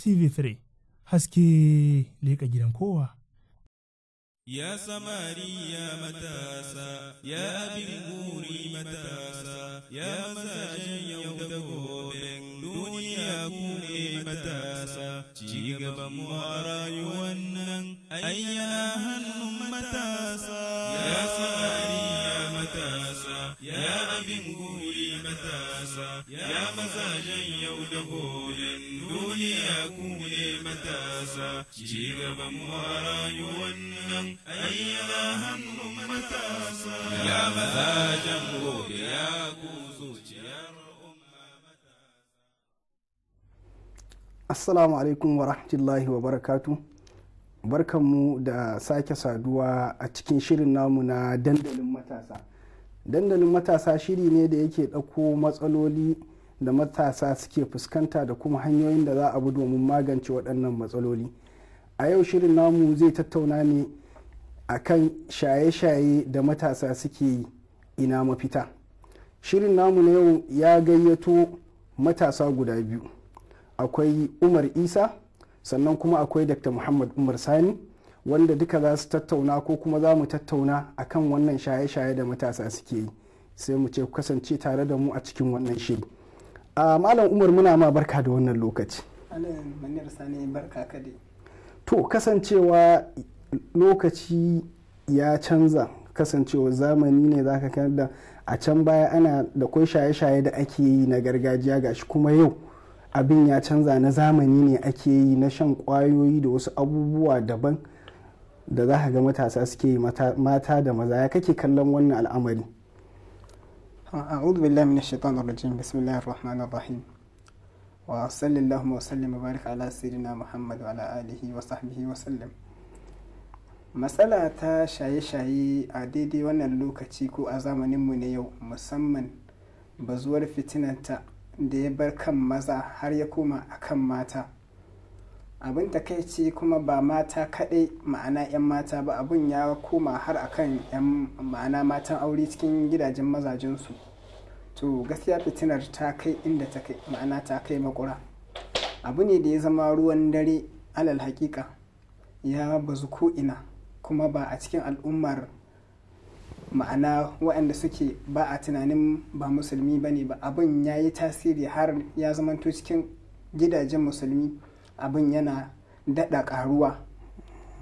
TV3 haske ka gidan kowa. Ya samari ya matasa, ya abin guri matasa, ya mazajen yau da gobe, duniya ku ne matasa, ci gaban mu a rayuwan nan, ayyana hannun matasa. Ya samari ya matasa, ya abin guri matasa, ya mazajen yau da gobe. duniya ku ne matasa ci gaban ayyana hannu matasa ya gobe ya ku zuciyar Assalamu alaikum wa rahmatullahi wa barakatu. Barkanmu da sake saduwa a cikin shirin namu na dandalin matasa. Dandalin matasa shiri ne da yake ɗauko matsaloli da matasa suke fuskanta da kuma hanyoyin da za a bi domin magance waɗannan matsaloli a yau shirin namu zai tattauna ne a kan shaye-shaye da matasa suke yi ina mafita shirin namu na yau ya gayyato matasa guda biyu akwai umar isa sannan kuma akwai dr muhammad umar sani wanda duka za su tattauna ko kuma za mu tattauna a kan wannan shaye-shaye da matasa suke yi sai mu ce kasance tare da mu a cikin wannan shiri malam umar muna ma barka da wannan lokaci to kasancewa lokaci ya canza kasancewa zamani ne ka kanar da a can baya ana da kwai shaye-shaye da ake yi na gargajiya gashi kuma yau abin ya canza na zamani ne ake yi na shan kwayoyi da wasu abubuwa daban da za ga matasa suke yi mata da maza ya kake kallon wannan al'amari أعوذ بالله من الشيطان الرجيم بسم الله الرحمن الرحيم وصلى اللهم وسلم وبارك على سيدنا محمد وعلى آله وصحبه وسلم matsala ta shaye-shaye a daidai wannan lokaci ko a zamaninmu na yau musamman bazuwar fitinanta da ya bar kan maza har ya koma kan mata abin takaici kuma ba mata kaɗai ma'ana 'yan mata ba abin ya koma har akan 'yan ma'ana matan aure cikin gidajen mazajensu to gaskiya fitinar ta kai inda ta kai ma'ana ta kai makura abu ne da ya zama ruwan dare alal hakika ya bazu ko'ina kuma ba a cikin al'ummar ma'ana waɗanda suke ba a tunanin ba musulmi ba ne ba abin ya yi tasiri har ya zamanto cikin gidajen musulmi abin yana daɗa karuwa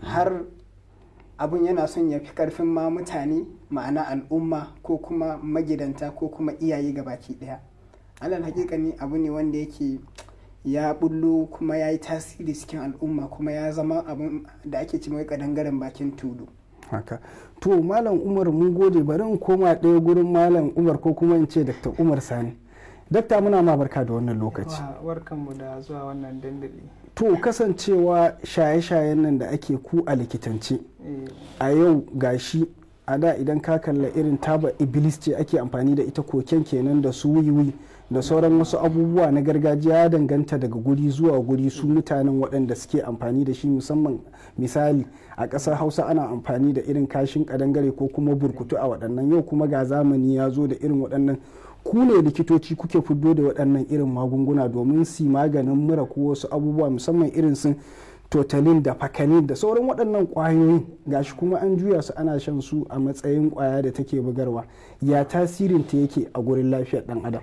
har abin yana son ya fi ƙarfin ma mutane ma'ana al'umma ko kuma magidanta ko kuma iyaye ga baki ɗaya alal ne abu ne wanda yake ya bullo kuma ya yi tasiri cikin al'umma kuma ya zama abin da ake ci mai kadangaren bakin tudu haka to malam umar mun gode bari in koma ɗaya gurin malam umar ko kuma in ce dakta umar sani dakta muna ma barka da wannan lokaci to kasancewa shaye-shayen nan da ake ku a likitance a yau gashi a da idan ka kalla irin taba iblis ce ake amfani da ita koken kenan da su wiwi da sauran wasu abubuwa na gargajiya danganta daga guri zuwa guri su mutanen waɗanda suke amfani da shi musamman misali a ƙasar hausa ana amfani da irin kashin ƙadangare ko kuma burkutu a waɗannan yau kuma ga zamani ya zo da irin waɗannan ku ne likitoci kuke fiddo da waɗannan irin magunguna domin si maganin mura ko wasu abubuwa musamman irin sun totalin da fakanin da sauran waɗannan ƙwayoyin gashi kuma an juya su ana shan su a matsayin ƙwaya da take bugarwa ya tasirin ta yake a gurin lafiyar ɗan adam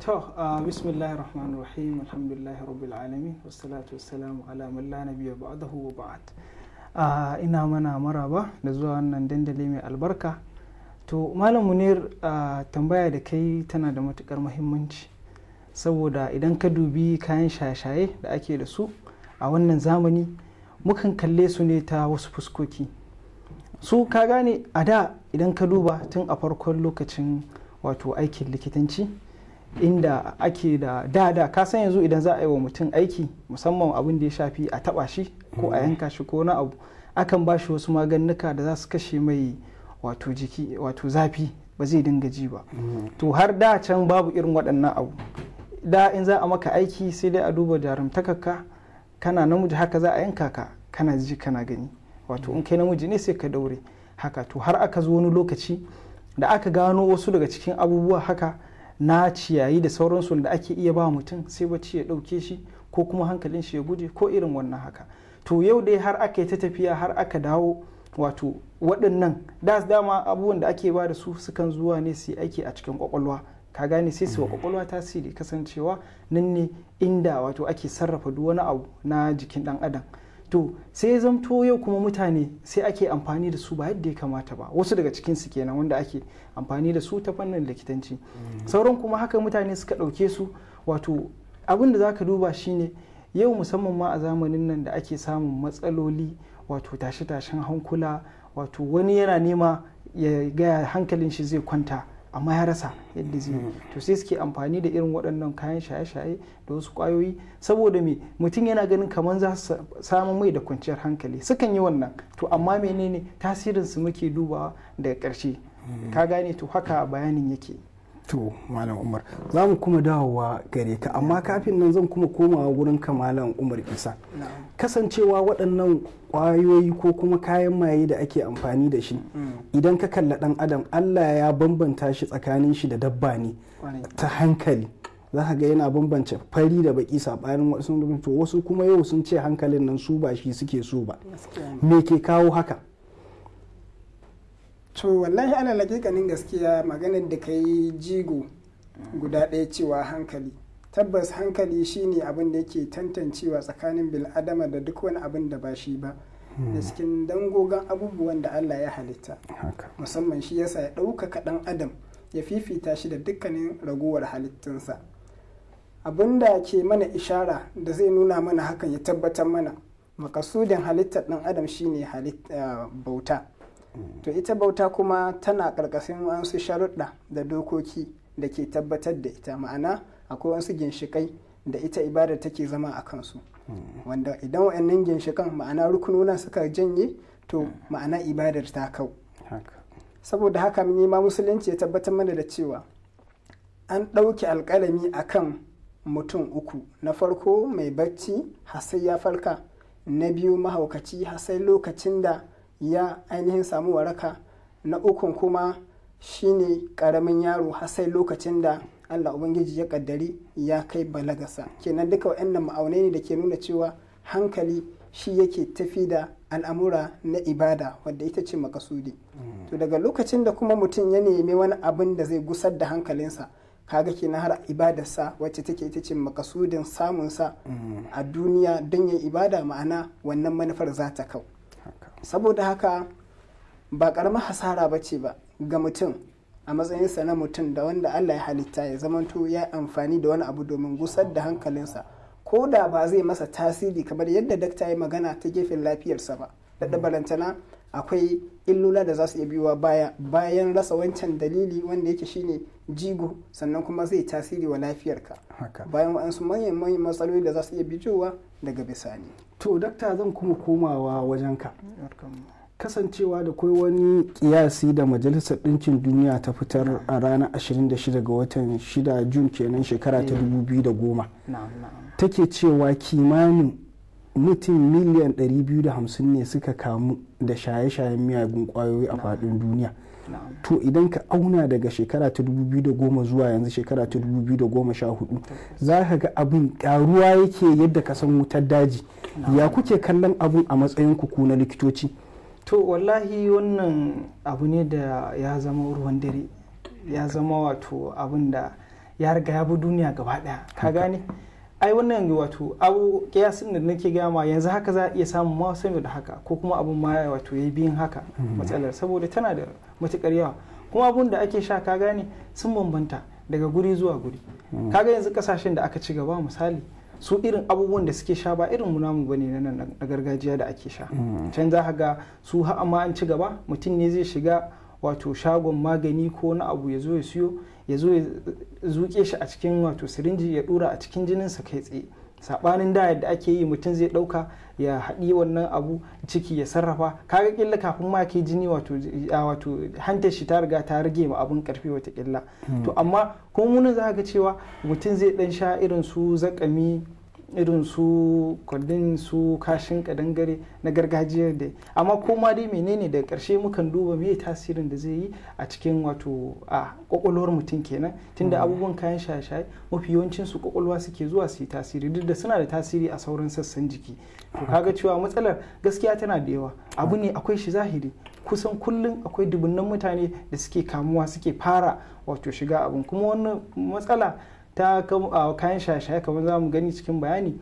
to bismillahir rahmanir rahim alhamdulillahi rabbil alamin wassalatu wassalamu ala man la nabiyya ba'dahu wa ina mana maraba da zuwa wannan dandali mai albarka to malam munir tambaya da kai tana da matukar muhimmanci saboda idan ka dubi kayan shaye-shaye da ake da su a wannan zamani mukan kalle su ne ta wasu fuskoki su ka gane a da idan ka duba tun a farkon lokacin wato aikin likitanci inda ake da da da ka san yanzu idan za a yi wa mutum aiki musamman abin da ya shafi a taba shi ko a mm. yanka shi ko na abu akan ba shi wasu maganuka da za su kashe mai wato jiki wato zafi ba zai dinga ji ba mm. to har da can babu irin waɗannan abu da in za a maka aiki sai dai a duba ka kana namiji haka za a yanka ka kana ji kana gani wato in kai namiji ne sai ka daure haka to har aka zo wani lokaci da aka gano wasu daga cikin abubuwa haka na ciyayi da sauransu da ake iya ba mutum sai bacci ya ɗauke shi ko kuma hankalin shi ya guje ko irin wannan haka to yau dai har aka yi ta tafiya har aka dawo wato waɗannan da dama abubuwan da ake ba da su sukan zuwa ne su yi aiki a cikin kwakwalwa ka gane sai su wa kwakwalwa mm. tasiri kasancewa nan ne inda wato ake sarrafa duk wani abu na jikin dan adam to sai zamto yau kuma mutane sai ake amfani da su ba yadda ya kamata ba wasu daga cikin su kenan wanda ake amfani da su ta fannin likitanci mm. sauran kuma haka mutane suka ɗauke su wato abin da za ka duba shine yau musamman ma a zamanin nan da ake samun matsaloli wato tashe-tashen hankula wato wani yana nema ya gaya hankalin shi zai kwanta amma ya rasa yadda zai hmm. to sai suke amfani da irin waɗannan kayan shaye-shaye da wasu ƙwayoyi saboda me mutum yana ganin kamar za su samu mai da kwanciyar hankali sukan yi wannan to amma menene tasirin su muke dubawa daga ƙarshe hmm. ka gane to haka bayanin yake to malam umar za mu kuma dawowa gare ka amma kafin nan zan kuma komawa wurin ka malam umar isa kasancewa waɗannan ƙwayoyi ko kuma kayan maye da ake amfani da shi mm. idan ka kalla ɗan adam allah ya bambanta shi tsakanin shi da dabba ne ta hankali za ka ga yana bambance fari da baki saɓanin wasu wasu kuma yau sun ce hankalin nan su ba shi suke su ba me ke kawo haka to wallahi ana lakikanin gaskiya maganar da ka yi jigo guda ɗaya cewa hankali tabbas hankali shine abin da yake tantancewa tsakanin bil'adama da duk wani abin da ba shi ba da hmm. cikin dangogon abubuwan da allah ya halitta musamman shi yasa ya ɗaukaka ɗan adam ya fifita shi da dukkanin raguwar halittunsa abin da ke mana ishara da zai nuna mana hakan ya tabbatar mana makasudin halittar ɗan adam shine ah, bauta to ita bauta kuma tana ƙarƙashin wasu sharuɗa da dokoki da ke tabbatar da ita ma'ana akwai wasu ginshiƙai da ita ibada take zama a kansu wanda idan wa'annan ginshiƙan ma'ana rukununa suka janye to ma'ana ibadar ta kau saboda haka mun ma musulunci ya tabbatar mana da cewa an ɗauki alƙalami a kan mutum uku na farko mai bacci har sai ya farka na biyu mahaukaci har sai lokacin da ya ainihin samu waraka na ukun kuma shine karamin yaro har sai lokacin da Allah Ubangiji ya kaddari ya kai balagasa kenan duka waɗannan ma'aunai ne da ke nuna cewa hankali shi yake tafi da al'amura na ibada wadda ita ce makasudi mm. to daga lokacin da kuma mutum ya nemi wani abin da zai gusar da hankalinsa kaga kenan har ibadarsa wacce take ita ce makasudin samunsa sa mm. a duniya don yin ibada ma'ana wannan manufar za ta kau saboda haka ba karama hasara ba ce ba ga mutum a matsayinsa na mutum da wanda allah ya halitta ya zamanto ya amfani da wani abu domin gusar da hankalinsa ko da ba zai masa tasiri kamar yadda dakta ya magana ta gefen lafiyarsa ba da dabarantana akwai illola da za su iya biyuwa baya bayan rasa wancan dalili wanda yake shine jigo sannan kuma zai tasiri wa lafiyarka bayan waɗansu manyan manyan matsaloli da za su iya bijowa daga bisani to dakta zan kuma komawa wajen ka kasancewa da kai wani kiyasi da majalisar ɗinkin duniya ta fitar a ranar 26 ga watan 6 jun kenan shekara ta 2010 eh. take cewa kimanin mutum miliyan 250 ne suka kamu da shaye-shayen miyagun kwayoyi a faɗin duniya to idan ka auna daga shekara ta 2010 zuwa yanzu shekara ta 2014 za ka ga abin karuwa yake yadda ka san wutar daji ya kuke kallon abin a matsayin ku na likitoci to wallahi wannan abu ne da ya zama ruwan dare ya zama wato abin da ya riga ya bi duniya gaba daya ka gane ai wannan wato abu kiyasin da nake gama yanzu haka za a iya samun ma sami da haka ko kuma abun ma wato ya biyun haka mm-hmm. matsalar saboda tana da matukar yawa kuma abun da ake sha ka gane sun bambanta daga guri zuwa guri mm. kaga yanzu kasashen da aka ci gaba misali su irin abubuwan da suke sha ba irin mu namu bane na na gargajiya da ake sha mm. can za ga su ha'a amma an ci gaba mutum ne zai shiga wato shagon magani ko na abu ya zo ya siyo ya zo zuke shi a cikin wato sirinji ya dura a cikin jininsa kai tsaye sabanin da yadda ake yi mutum zai dauka ya haɗi wannan abu ciki ya sarrafa kaga killa kafin ma ke jini wato wato hantar shi ta riga ta rage ma abun karfi wata killa hmm. to amma kuma munin za ga cewa mutum zai dan sha irin su zakami irin su kwallin su kashin kadangare na gargajiyar da amma koma dai menene da karshe mukan duba me tasirin da zai yi a cikin wato a kwakwalwar mutum kenan tunda mm. abubuwan kayan shaye-shaye mafi yawancin su kwakwalwa suke zuwa su yi tasiri duk da suna da tasiri a sauran sassan jiki to kaga cewa matsalar gaskiya tana da yawa abu ne akwai shi zahiri kusan kullum akwai dubunnan mutane da suke kamuwa suke fara wato shiga abin kuma wannan matsala ta kayan shaye-shaye kamar za mu gani cikin bayani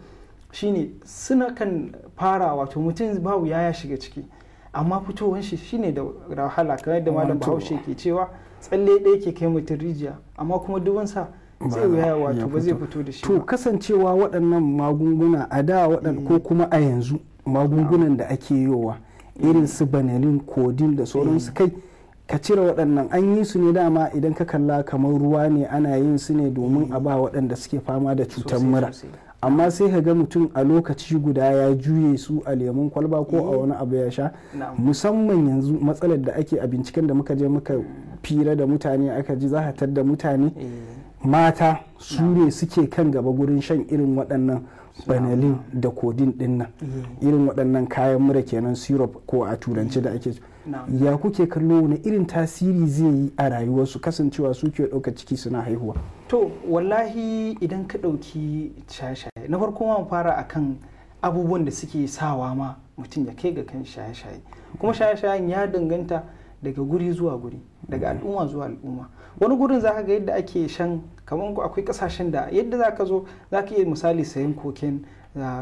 shine suna kan fara wato mutum babu ya ya shiga ciki amma fitowar shi shine da wahala kamar yadda malam bahaushe ke cewa tsalle ɗaya ke kai mutum rijiya amma kuma dubansa zai wuya wato ba zai fito da shi to kasancewa waɗannan magunguna a da waɗanda ko mm. kuma a yanzu magungunan da ake yowa irin su banalin kodin da sauransu mm. kai ka cire waɗannan an yi su ne dama idan ka kalla kamar ruwa ne ana yin su ne domin a ba waɗanda suke fama da cutar mura amma sai ka ga mutum a lokaci guda ya juye su a lemun kwalba ko a eh. wani abu ya sha musamman yanzu matsalar da ake a binciken da muka je muka fira da mutane aka ji zahatar da mutane eh. mata su ne suke kan gaba gurin shan irin waɗannan banalin da kodin ɗin eh. irin waɗannan kayan mura kenan syrup ko a turanci da ake ya kuke kallo wani irin tasiri zai yi a rayuwarsu kasancewa su ke ɗauka ciki suna haihuwa to wallahi idan ka ɗauki shaye-shaye na farko ma fara a kan abubuwan da suke sawa ma mutum ya kai ga kan shaye-shaye kuma shaye-shayen ya danganta daga guri zuwa guri daga al'umma zuwa al'umma wani gurin za ka ga yadda ake shan kamar akwai kasashen da yadda za ka zo za ka iya misali sayan koken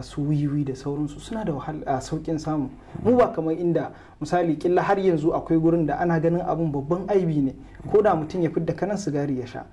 su wiwi da sauransu suna da sauƙin samu mu ba kamar inda misali killa har yanzu akwai gurin da ana ganin abun babban aibi ne ko da mutum ya fidda kanan sigari ya sha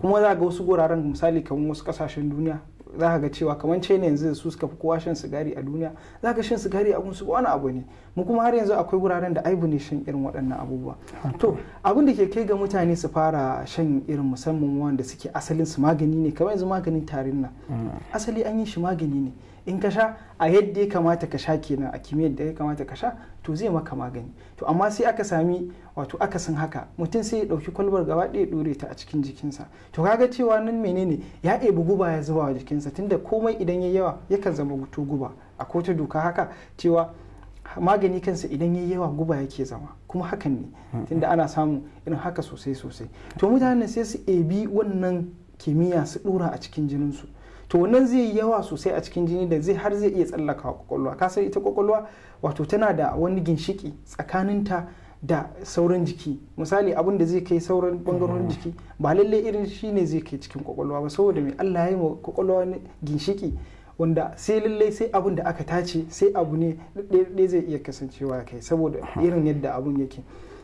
kuma za ga wasu guraren misali kamar wasu ƙasashen duniya za ga cewa kamar china yanzu su suka fi kowa shan sigari a duniya za ka shan sigari a gunsu wani abu ne mu kuma har yanzu akwai wuraren da aibu ne shan irin waɗannan abubuwa to abin da ke kai ga mutane su fara shan irin musamman wanda suke asalin su magani ne kamar yanzu maganin tarin nan mm. asali an yi shi magani ne in ka sha a yadda ya kamata ka sha kenan a kimiyyar da ya kamata ka sha to zai maka magani to amma sai aka sami wato akasin haka mutum sai ya ɗauki kwalbar gaba ɗaya ɗore ta a cikin jikinsa to kaga cewa nan menene ya ɗebi guba ya zuba wa jikinsa tunda komai idan ya yawa yakan zama guto guba a kotu doka haka cewa magani kansa idan ya yawa guba yake zama kuma hakan ne tunda ana samu irin haka sosai sosai to mutanen sai su ebi wannan kimiyya su ɗora a cikin jininsu to wannan zai yi yawa sosai a cikin jini da zai har zai iya tsallaka kwakwalwa ka san ita kwakwalwa wato tana da wani ginshiki tsakanin ta da sauran jiki misali abin da zai kai sauran bangarorin mm. jiki ba lallai irin shi ne zai kai cikin kwakwalwa ba saboda mai Allah ya yi wa kwakwalwa ginshiki wanda sai lallai sai abin da aka tace sai abu ne ɗaya zai iya kasancewa kai saboda hmm. irin yadda abun yake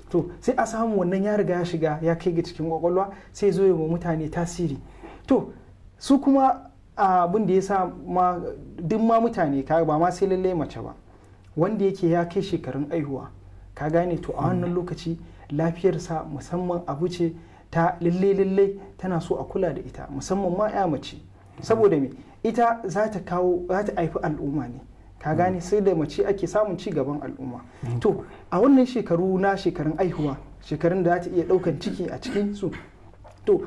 to sai a samu wannan ya riga ya shiga ya kai ga cikin kwakwalwa sai zo yi wa mutane tasiri to su kuma abin da ya sa duk ma mutane ba ma sai lallai mace ba wanda yake ya kai shekarun aihuwa ka gane to a mm. wannan lokaci lafiyarsa musamman abu ce ta lalle lalle tana so a kula da ita musamman ma ya mace saboda me ita za ta kawo za ta haifi al'umma ne ka mm. gane sai da mace ake samun ci gaban al'umma mm. to a wannan shekaru na shekarun aihuwa shekarun da za ta iya daukan ciki a cikin su to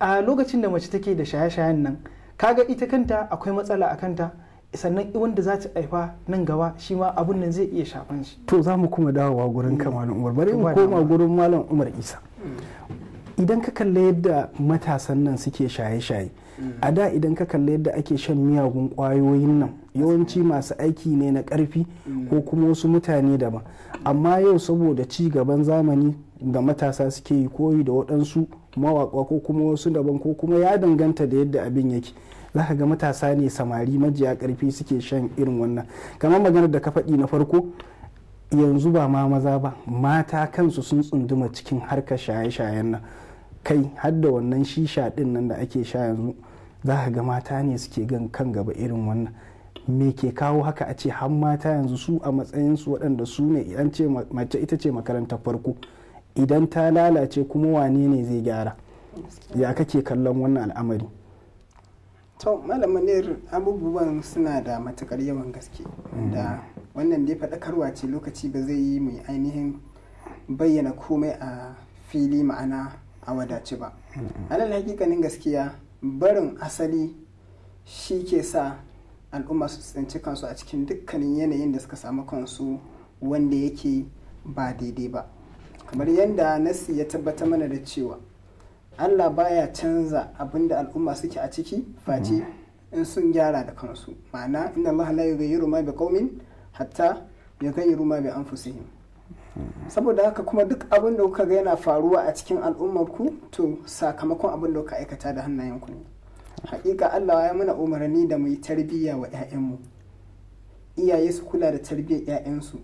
a lokacin da mace take da shaye-shayen nan kaga ita kanta akwai matsala a kanta sannan wanda za ta haifa nan gaba shi ma abun nan zai iya shafan shi to za mu kuma dawowa gurin kamalin umar bari mu koma gurin malam umar isa mm. idan ka kalla yadda matasan nan suke shaye-shaye mm. a da idan ka kalla yadda ake shan miyagun kwayoyin nan yawanci masu aiki ne na karfi mm. ko kuma wasu mutane daban amma yau saboda ci gaban zamani ga matasa suke yi koyi da waɗansu mawaƙa ko kuma wasu daban ko kuma ya danganta da yadda abin yake za ka ga matasa ne samari majiya karfi suke shan irin wannan kamar maganar da ka faɗi na farko yanzu ba ma maza ba mata kansu sun tsunduma cikin harkar shaye-shayen nan kai har da wannan shisha ɗin nan da ake sha yanzu za ka ga mata ne suke gan kan gaba irin wannan me ke kawo haka a ce har mata yanzu su a matsayinsu waɗanda su ne an ce mace ita ce makarantar farko idan ta lalace kuma wane ne zai gyara ya kake kallon wannan al'amari to malamanir abubuwan suna da matukar yawan gaske da hmm. wannan dai faɗakarwa ce lokaci ba zai yi mai ainihin bayyana komai a fili ma'ana a wadace ba hmm. alal hakikanin gaskiya barin asali shi ke sa al'umma su tsinci kansu a cikin dukkanin yanayin da suka samu kansu wanda yake ba daidai ba kamar yadda nasi ya tabbata mana da cewa allah baya canza abin da al'umma suke a ciki face mhm. in sun gyara da kansu ma'ana inda allah la yughayyiru ma bi qaumin hatta yughayyiru ma bi anfusihim mhm. saboda haka kuma duk abin da kuka ga yana faruwa a cikin al'ummar ku to sakamakon abin da kuka aikata da hannayen ku ne mhm. hakika allah ya mana umarni da mu yi tarbiyya wa 'ya'yanmu iyaye su kula da tarbiyyar 'ya'yansu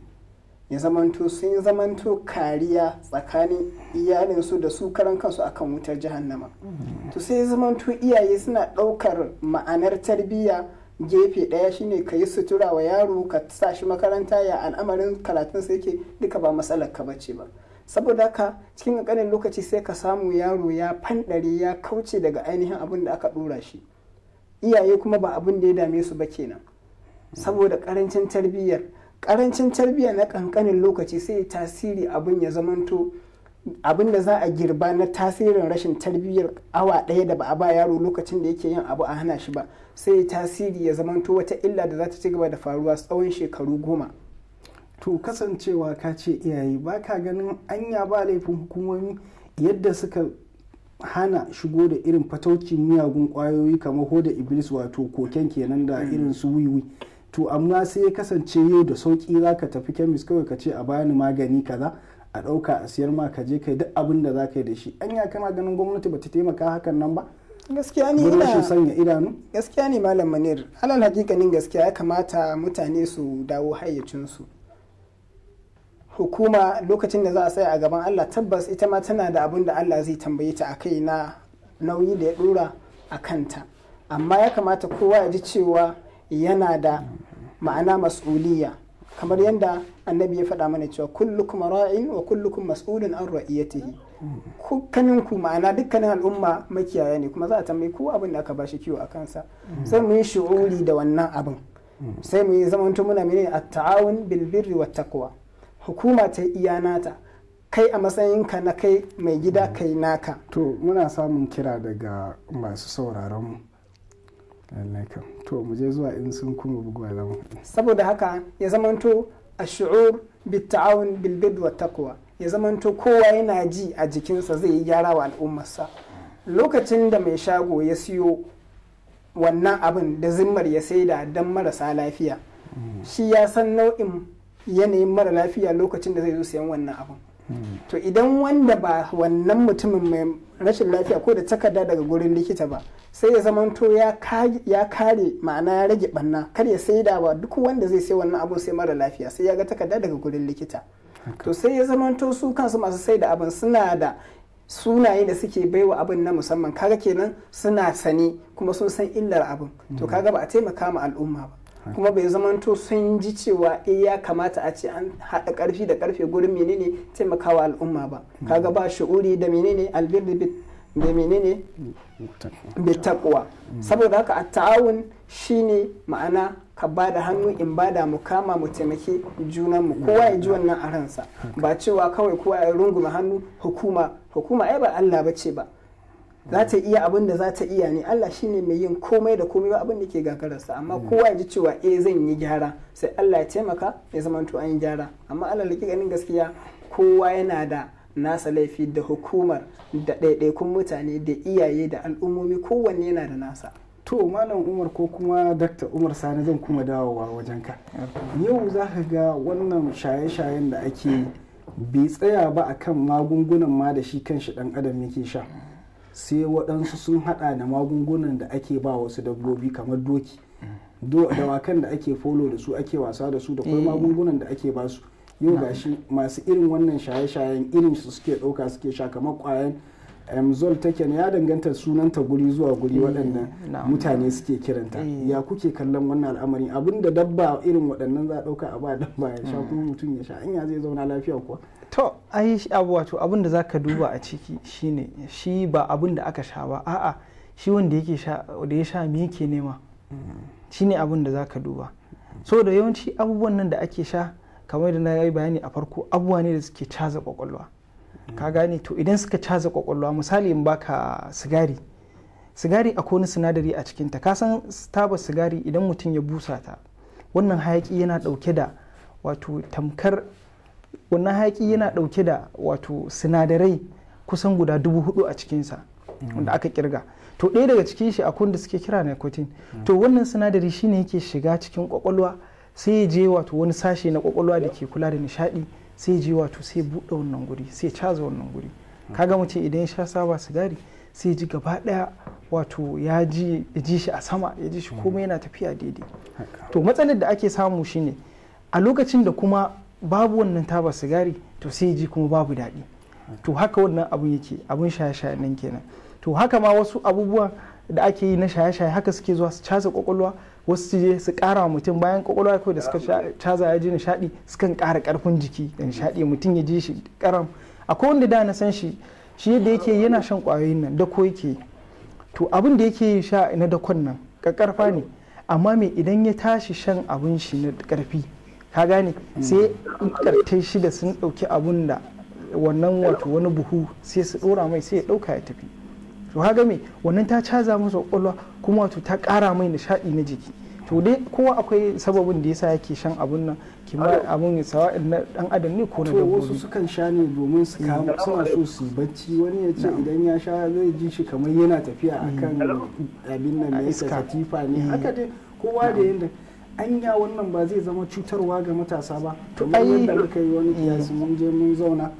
ya zamanto sun yi zamanto kariya tsakanin iyalinsu da su karan kansu akan wutar jahannama mm. to sai zamanto iyaye suna ɗaukar ma'anar tarbiyya gefe ɗaya shine ka yi sutura wa yaro ka sa shi makaranta ya al'amarin karatun su yake duka ba matsalar ka bace ba saboda haka cikin ƙanƙanin lokaci sai ka samu yaro ya fanɗare ya kauce daga ainihin abin da aka ɗora shi iyaye kuma ba abin da ya dame su ba kenan mm. saboda ƙarancin tarbiyyar karancin tarbiyya na kankanin lokaci sai tasiri abin ya zamanto abin da za a girba na tasirin rashin tarbiyyar awa ɗaya da ba a ba yaro lokacin da yake yin abu a hana shi ba sai tasiri ya zamanto wata illa da za ta ci gaba da faruwa tsawon shekaru goma to kasancewa ka ce iyaye ba ka ganin anya ba laifin hukumomi yadda suka hana shigo da irin fataucin miyagun kwayoyi kamar hoda iblis wato koken kenan da hmm. irin su wiwi to amma sai ya kasance yau da sauki za ka tafi kemis kawai ka ce a bani magani kaza a ɗauka a siyar ma ka je kai duk abin da za ka yi da shi an ya kana ganin gwamnati ba ta taimaka hakan nan ba gaskiya ne ina sanya idanu malam manir alal hakikanin gaskiya ya kamata mutane su dawo hayyacinsu hukuma lokacin da za a tsaya a gaban Allah tabbas ita ma tana da abin da Allah zai tambaye ta a kai na nauyi da ya dora a kanta amma ya kamata kowa ya ji cewa yana da ma'ana mas'uliyya kamar yadda annabi ya faɗa mana cewa kullukum ra'in wa kullukum mas'ulun an ra'iyatihi dukkanin ku ma'ana dukkanin al'umma makiyaya ne kuma za a tambayi ko abin da aka bashi kiwo a kansa sai mu yi shu'uri da wannan abin sai mu yi zamanto muna mene a ta'awun bilbirri wa takwa hukuma ta iya nata kai a matsayinka na kai mai gida kai naka to muna samun kira daga masu sauraron mu to mu je zuwa in sun kuma zama saboda haka ya zamanto a shu'ur bitta'awun bilbid wa taqwa ya zamanto kowa yana ji a jikinsa zai yi gyara wa al'ummarsa lokacin da mai shago ya siyo wannan abin da zimmar ya saida dan marasa lafiya mm. shi ya san nau'in yanayin mara lafiya lokacin da zai zo sayan wannan abin to idan wanda ba wannan mutumin mai rashin lafiya ko da takarda daga gurin likita ba sai ya zamanto ya kare ma'ana ya rage banna kar ya saida ba duk wanda zai sai wannan abu sai mara lafiya sai ya ga takarda daga gurin likita to sai ya zamanto su kansu masu sai da abin suna da sunaye da suke baiwa abin na musamman kaga kenan suna sani kuma sun san illar abin to mm. kaga ba a taimaka ma al'umma ba kuma bai zamanto sun ji cewa eh, ya kamata a ce an haɗa karfi da ƙarfe gurin menene taimakawa al'umma ba kaga ba shi'uri da menene albirri da menene takwa saboda haka a ta'awun shine ma'ana ka ba da hannu in ba da mu mu taimaki junanmu kowa ya ji wannan a ransa ba cewa kawai kowa ya rungume hannu hukuma hukuma ai ba Allah ce ba za ta iya abin da za ta iya ne Allah shine mai yin komai da komai ba abin da ke gagararsa amma mm. kowa ya ji cewa eh zan yi gyara sai Allah ya taimaka ya zama to an yi gyara amma Allah ganin gaskiya kowa yana da nasa laifi da hukumar da ɗaiɗaikun mutane da iyaye da al'ummomi kowanne yana da nasa to malam umar ko kuma dr umar sani zan kuma dawowa wajen ka yau za ka ga wannan shaye-shayen da ake bai tsaya ba akan magungunan ma da shi kanshi dan adam yake sha sai waɗansu sun haɗa da magungunan da ake ba wasu dabbobi kamar doki mm. dawakan da ake folo da su ake wasa da su da kuma eh. magungunan da ake ba su yau gashi masu irin wannan shaye-shayen irin su suke ɗauka suke sha kamar ƙwayan mzol take ya danganta sunanta guri zuwa guri eh, waɗannan mutane suke kiranta eh. ya kuke kallon wannan al'amari abinda dabba irin waɗannan za a ɗauka a ba dabba ya sha hmm. kuma mutum ya sha ya zai zauna lafiya kuwa to ai abu wato abin da zaka duba a ciki shine shi ba abin da aka sha ba a'a shi wanda yake sha da ya sha me yake nema hmm. shine abin da zaka duba so da yawanci abubuwan nan da ake sha kamar da na yi bayani a farko abubuwa ne da suke caza kwakwalwa ka gane to idan suka caza kwakwalwa misali in baka sigari sigari akwai wani sinadari a cikinta ka san taba sigari idan mutum ya busa ta wannan hayaki yana dauke da wato tamkar wannan hayaki yana dauke da wato sinadarai kusan guda dubu hudu a cikinsa wanda aka kirga to ɗaya daga cikin shi akwai da suke kira nicotine to wannan sinadari shine yake shiga cikin kwakwalwa sai ya je wato wani sashe na kwakwalwa da ke kula da nishadi sai ji wato sai buɗe wannan guri sai caza wannan guri kaga mutum idan ya sha saba sigari sai ji gaba ɗaya wato ya ji shi a sama ya ji shi hmm. komai yana tafiya daidai to matsalar da ake samu shine a lokacin da kuma babu wannan taba sigari to sai ji kuma babu daɗi to haka wannan abun yake abun shaye-shaye nan kenan to haka ma wasu abubuwa da ake yi na shaye-shaye haka suke zuwa su caza kwakwalwa wasu su je su kara wa mutum bayan kwakwalwa kawai da suka caza ya ji nishaɗi sukan kara karfin jiki da nishaɗi mutum ya ji shi karam akwai wanda da na san shi shi yadda yake yana shan kwayoyin nan dako yake to abin da yake sha na dakon nan kakarfa ne amma mai idan ya tashi shan abin shi na karfi ka gane sai kartai shida sun dauki abun da wannan wato wani buhu sai su dora mai sai ya dauka ya tafi to haga me wannan ta caza masa kwakwalwa kuma wato ta kara mai nishaɗi na jiki to dai kowa akwai sababin da yasa yake shan abun nan kima abun sawa na dan adam ne ko na dabbobi wasu sukan sha ne domin su kama mm. suna so su bacci wani ya ce idan ya sha zai ji shi kamar yana tafiya akan mm. abin nan ne katifa ne mm. haka dai kowa da yanda anya wannan ba zai zama cutarwa ga matasa ba to ai da muka yi wani eh. kiyasi mun je mun zauna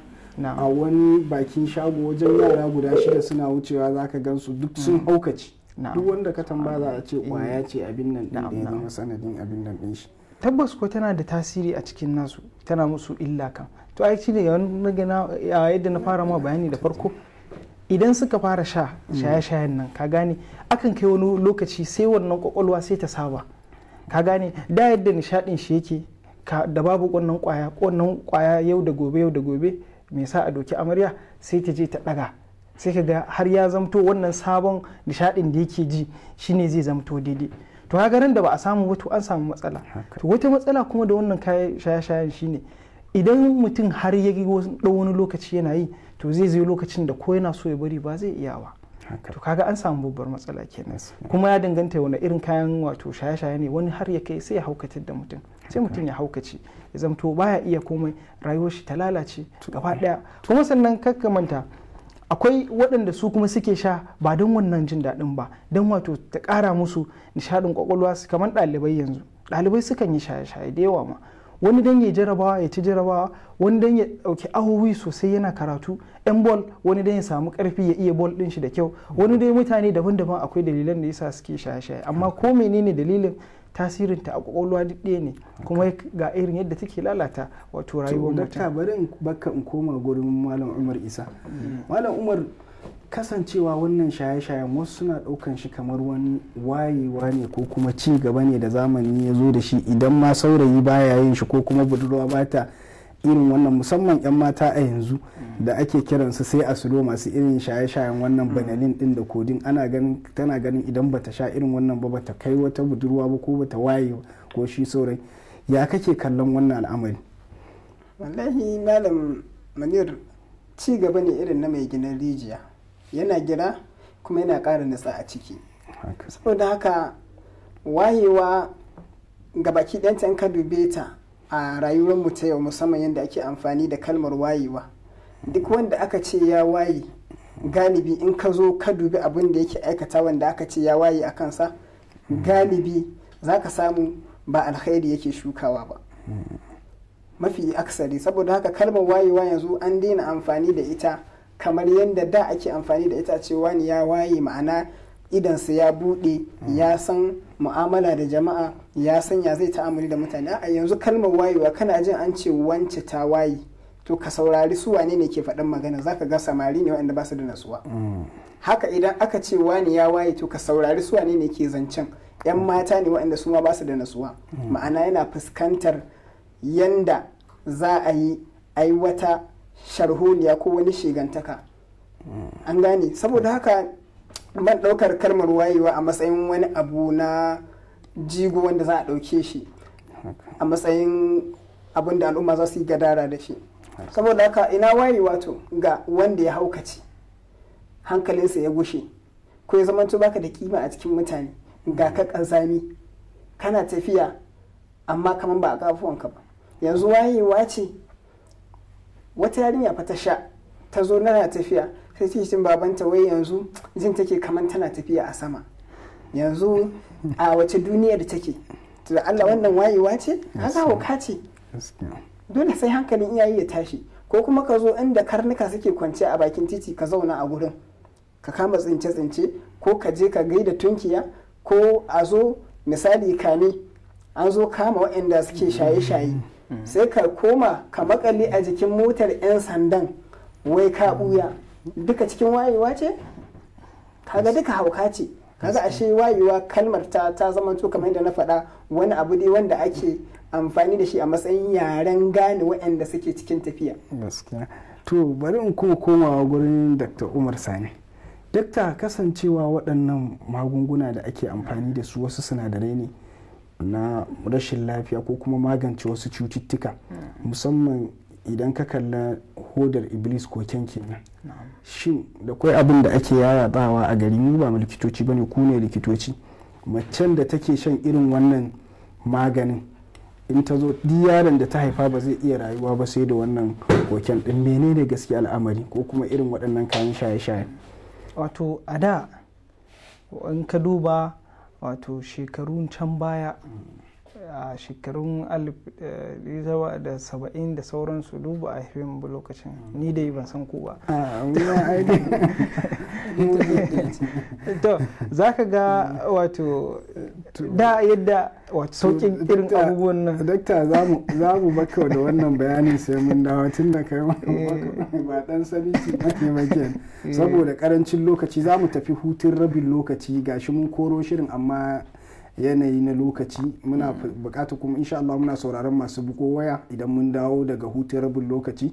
a wani bakin shago wajen yara guda shida suna wucewa zaka gansu duk sun mm. haukaci duk wanda ka tambaya za a ce kwaya ce abin nan da ya zama sanadin abin nan ɗin shi tabbas ko tana da tasiri a cikin nasu tana musu illa kan to a actually yadda na fara ma bayani da farko idan suka fara sha mm. shaye-shayen nan ka gane akan kai wani lokaci sai wannan kwakwalwa sai ta saba ka gane da yadda nishadin shi yake da babu wannan kwaya wannan kwaya yau da gobe yau da gobe mai sa a doki amarya sai ta je ta daga sai ka ga har ya zamto wannan sabon nishadin da yake ji shine zai zamto daidai to kaga ran da ba a samu ba to an samu matsala to wata matsala kuma da wannan kayan shaye-shayen shine idan mutum har ya yi wani lokaci yana yi to zai zai lokacin da ko yana so ya bari ba zai iya ba to kaga an samu babbar matsala kenan kuma ya danganta wani irin kayan wato shaye-shaye ne wani har ya kai sai ya haukatar da mutum sai mutum ya haukace ya zamto baya iya komai rayuwar shi ta lalace gaba daya kuma sannan kakka manta akwai waɗanda su kuma suke sha ba don wannan jin daɗin ba don wato ta ƙara musu nishaɗin kwakwalwa su kamar ɗalibai yanzu ɗalibai sukan yi shaye-shaye da yawa ma wani dan ya jarabawa ya ci jarabawa wani dan ya ɗauki ahuhuwi sosai yana karatu yan bol wani dan ya samu ƙarfi ya iya bol ɗin shi da kyau wani dai mutane daban-daban akwai dalilan da yasa suke shaye-shaye amma ko menene dalilin tasirinta a kwakwalwa duk ɗaya ne kuma ga irin yadda take lalata wato rayuwar mutum. ta bari in baka in koma gurin Malam Umar Isa. Mm. Malam Umar kasancewa wannan shaye-shayen wasu suna ɗaukan shi kamar wani wayewa ne ko kuma ci gaba ne da zamani ya zo da shi idan ma saurayi baya yin shi ko kuma budurwa bata. irin wannan musamman 'yan mata a yanzu da ake kiransu sai a sulo masu irin shaye-shayen wannan mm. banalin din da kodin ana ganin tana ganin idan bata sha irin wannan ba bata kai wata budurwa ba ko bata waye ko shi saurai ya kake kallon wannan al'amari wallahi malam manir ci gaba ne irin na mai ginin rijiya yana gira kuma yana ƙara nutsa a ciki saboda haka wayewa ga baki ɗan ka dube ta a rayuwar mu ta yau musamman yadda ake amfani da kalmar wayewa duk wanda aka ce ya waye galibi in ka zo ka dubi abin da yake aikata wanda aka ce ya waye a kansa galibi za ka samu ba alkhairi yake shukawa ba mafi aksari saboda haka kalmar wayewa yanzu an daina amfani da ita kamar yadda da ake amfani da ita cewa ya waye ma'ana idansa ya buɗe hmm. ya san mu'amala da jama'a ya san ya zai ta'amali da mutane a yanzu kalmar wayewa kana jin an ce wance ta waye to ka saurari su wane ne ke faɗin magana zaka ga samari ne wanda ba su da natsuwa hmm. haka idan aka ce wani ya waye to ka saurari su wane ne ke zancen yan mata ne wanda su ma ba su da natsuwa hmm. ma'ana yana fuskantar yanda za a yi ai wata sharholiya ko wani shigantaka an gane saboda haka ban ɗaukar kalmar wayewa a matsayin wani abu na jigo wanda za a ɗauke shi a matsayin abin da al'umma za su yi gadara da shi saboda haka ina wayewa to ga wanda ya haukace hankalinsa ya gushe ko ya zamanto baka da kima a cikin mutane ga ka ƙazami kana tafiya amma kamar ba a kafuwanka ba yanzu wayewa ce wata yarinya fa ta sha ta zo na tafiya sai shi babanta wai yanzu jin take kamar tana tafiya a sama yanzu a wace da take da Allah wannan wayewa ce haka hauka ce dole sai hankalin iyaye ya tashi ko kuma ka zo inda karnuka suke kwance a bakin titi ka zauna a gurin ka kama tsince-tsince ko ka je ka gaida tunkiya ko a zo misali kane an zo kama waɗanda suke shaye-shaye mm. sai ka koma ka makale a jikin motar 'yan sandan wai ka ɓuya duka cikin wayewa ce kaga duka hauka ce kaga ashe wayewa kalmar ta ta zama to kamar yadda na faɗa wani abu dai wanda ake amfani da shi a matsayin yaren gane waɗanda suke cikin tafiya gaskiya to bari in kuma komawa gurin dr umar sani dakta kasancewa waɗannan magunguna da ake amfani da su wasu sinadarai ne na rashin lafiya ko kuma magance wasu cututtuka musamman idan ka kalla hodar iblis ko kenan shin da kwai abin da ake yayatawa a gari mu ba mu likitoci bane ku ne likitoci macen da take shan irin wannan maganin in ta zo yaron da ta haifa ba zai iya rayuwa ba sai da wannan koken din menene gaske al'amari ko kuma irin waɗannan kayan shaye-shaye wato a da in ka duba wato shekarun can baya a shekarun eh, saba'in da sauransu duba a haifin lokacin ni dai ban san ku ba ah, to za ka ga wato da yadda wato saukin irin abubuwan nan dakta za mu baka da wannan bayanin sai mun dawo tun da kai eh. ba dan sabiti ake make saboda karancin lokaci za mu tafi hutun rabin lokaci gashi mun koro shirin amma yanayi na lokaci muna mm. bukatu kuma insha Allah muna sauraron masu buko waya idan mun dawo daga hutun rabin lokaci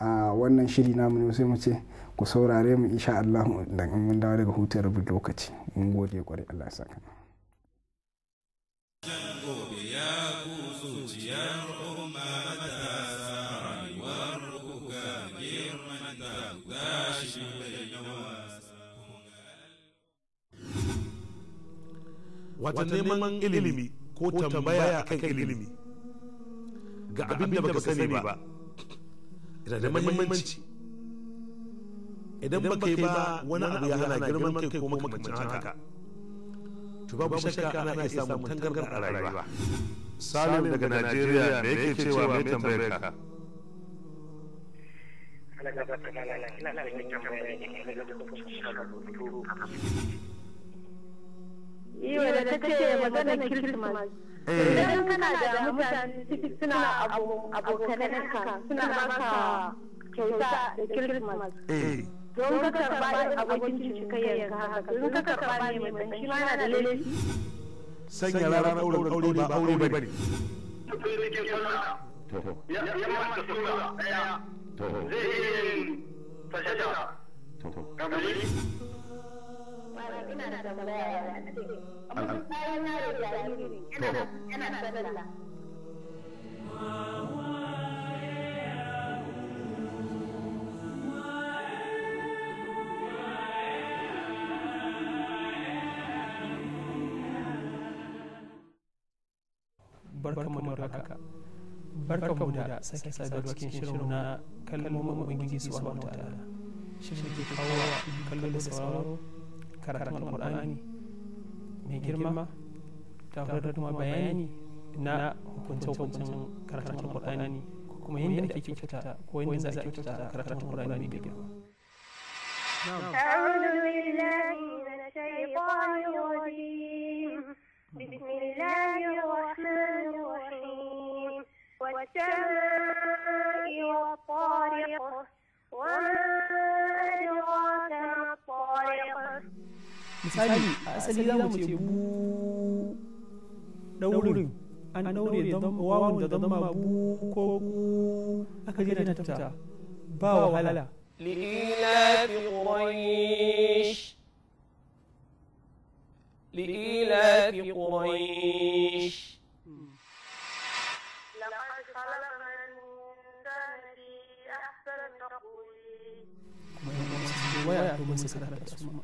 a wannan shiri namu ne sai mu ce ku saurare mu insha Allah mun dawo daga hutun rabin lokaci mun gode kwarai Allah ya saka wata neman ilimi ko tambaya akan ilimi ga abin da baka sani ba ita da mahimmanci idan baka yi ba wani abu ya hana girman kai kuma makamancin haka to babu shakka ana iya samun tangarɗa a rayuwa salim daga najeriya da yake cewa mai tambayar ka ina da Iwa da ta ce magana Kirsimas. Eh. Idan kana da mutane suna abokananka suna baka kyauta da Kirsimas. Eh. Don ka karɓa abokin cinikayyar haka, don ka karba ne mai shi ma da laifi. Sanya ranar auren aure ba aure ba ne. Ya mata suna ya zai iya yin fashasha. malam ina da tambaya da ake bayan na da jariri yana yana da da sake sadarwa cikin shirin na kalmomin ubangiji su wata shirin ke kawo kallon da sauraro karatun alkur'ani mai girma ta da kuma bayani na hukunce-hukuncen karatun alkur'ani kuma yadda ake kyautata ko yadda za a kyautata karatun alkur'ani mai girma والسماء والطارق وما misali a asali za mu ce bu daurin an daure wawan da zama bu ko bu aka gina tafta ba wahala لإيلاف قريش لإيلاف قريش لقد خلقنا الإنسان في أحسن تقويم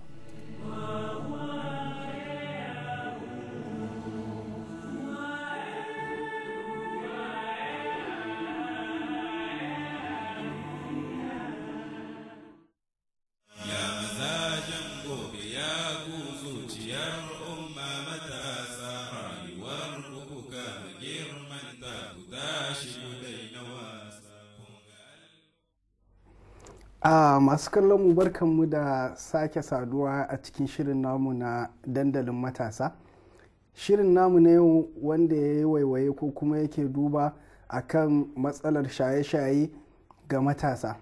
masu kallon mu barkanmu da sake saduwa a cikin shirin namu na dandalin matasa shirin namu na yau wanda ya yi waiwaye ko kuma yake duba a kan matsalar shaye-shaye ga matasa